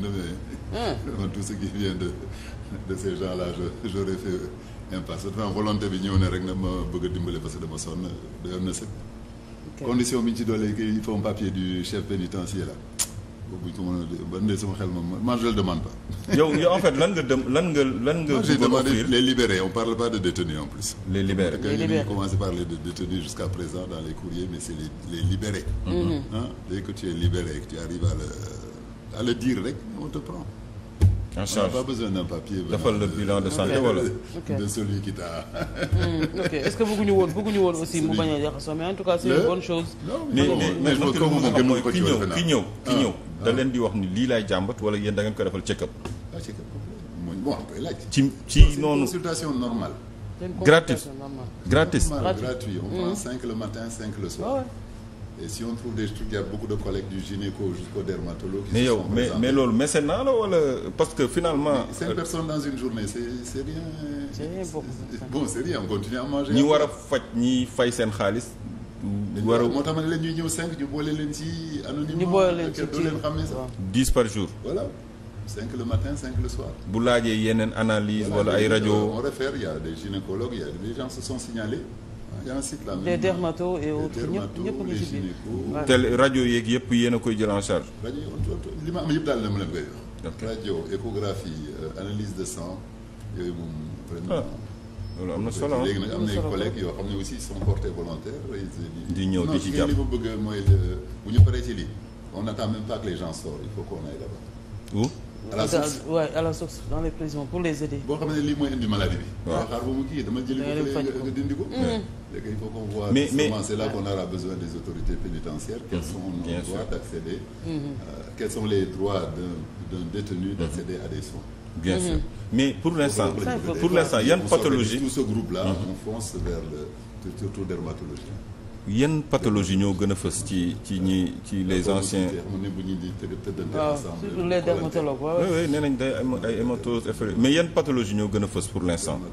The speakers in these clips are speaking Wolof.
mais mm. tout ce qui vient de de ces gens-là j'aurais fait impasse pourtant volonté bi ñëw ne rek na ma bëgg a dimbale parce que dama sonn doyoon na di condition bi ñu ci doolee que il faut un papier du chef pénitentiaire là boobu ko mën a ba ndee sama xel moom man je le demande pas. yow en fait lan nga dem lan nga lan nga. j'ai demandé les libérés on parle pas de détenus en plus. les libérés les libérés on commence par les détenus jusqu'à présent dans les courriers mais c'est les les libérés. ah mm-hmm. dès que tu à le dire rek on te prend. en charge on n'a pas besoin d'un papier. defal de santé wala. de celui qui t'a. Hmm, ok est-ce que woon bëgguñu woon aussi mu bañ a jaxasoo mais en tout cas c'est une bonne chose. mais mais mais ki ñëw ki ah, ñëw ki ah. ñëw. da leen di wax ni lii laay jàmbat wala yéen da ngeen ko defal check-up. ah check-up ci ci noonu consultation normale. gratuit gratuit. gratuit on hmm. prend 5 le matin 5 le soir. Ah Et si on trouve des trucs, il y a de collègues du gynéco jusqu'au dermatologue. Qui mais se yo, sont mais, mais lol, mécénat, parce que finalement. Mais 5 euh, personnes dans une journée, c'est rien. C'est rien beaucoup. Bon, c'est rien, on continue à manger. Ni wara fat, ni fay sen khalis. wara moo tax man ne leen ñuy ñëw 5 ñu boole leen ci anonymement. ñu boole leen ci doo leen xam par jour. voilà 5 le matin 5 le soir. bu laajee yeneen analyse wala ay rajo. on réfère il y a des gynécologues il y a des gens se sont signalés. les dermatos et autres ñëpp ñëpp ngi ci biir tel rajo yeeg yëpp yéen a koy jël en charge rajo li ma am yëpp daal la ma leen koy wax rajo échographie euh, analyse de sang yooyu moom vraiment ah, loolu am na solo léegi ah. nag am na ay collègues yoo xam ne aussi sont portés volontaires di ñëw di ci jàpp non li ma bëgg mooy bu ñu paree ci lii on n'attend même pas que les gens sortent il faut qu'on aille là-bas à la source waaw à la pour les aider. boo xam ne lii mooy indi maladie bi. waaw xaar ba ko nga dindi ko. Mm. léegi il faut qu'on voit mais mais c'est là qu'on aura besoin des autorités pénitentiaires. quels mm-hmm. mm-hmm. euh, sont les droits d'un détenu mm-hmm. d'accéder à des soins. bien sûr mais pour l'instant pour l'instant yan pathologie tout ce groupe là on fonce vers le surtout dermatologie. yan pathologie ñoo gën a fës ci ci ñi ci les anciens. waaw surtout les dermatologues waaw. oui oui nee nañ day am ay hématose mais yan pathologie ñoo gën a fës pour l' instant.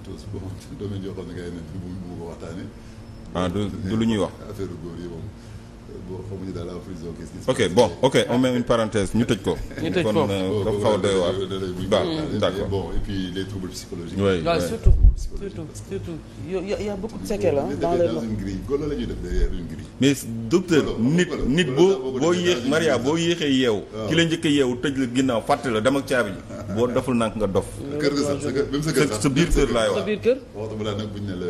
ah du du lu ñuy wax. ok bon ok on met une parenthèse ñu tëj ko. ñu tëj ko kon euh, dafa xaw a doy waar. baax d' accord bon et puis les troubles surtout surtout y' a beaucoup de séquelles golo la ñuy def derrière une grille. mais docteur nit nit boo boo yéex Maria boo yéexee yeewu. ki la njëkk a yeewu tëj la ginnaaw fàtte la dem ak caabi ji boo deful nak nga dof. kër ga sax sa kër biir kër laay wax sa biir kër. waxtu bu ne la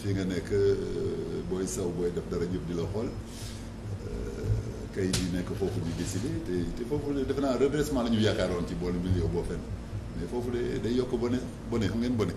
fii nga nekk euh, booy saw def dara ñëpp di la xool. Euh, kay di nekk foofu di décidé te te foofu def naa redressement la ñu yaakaaroon ci boole milieu boo fenn mais foofu de day yokk bone bone xam ngeen bone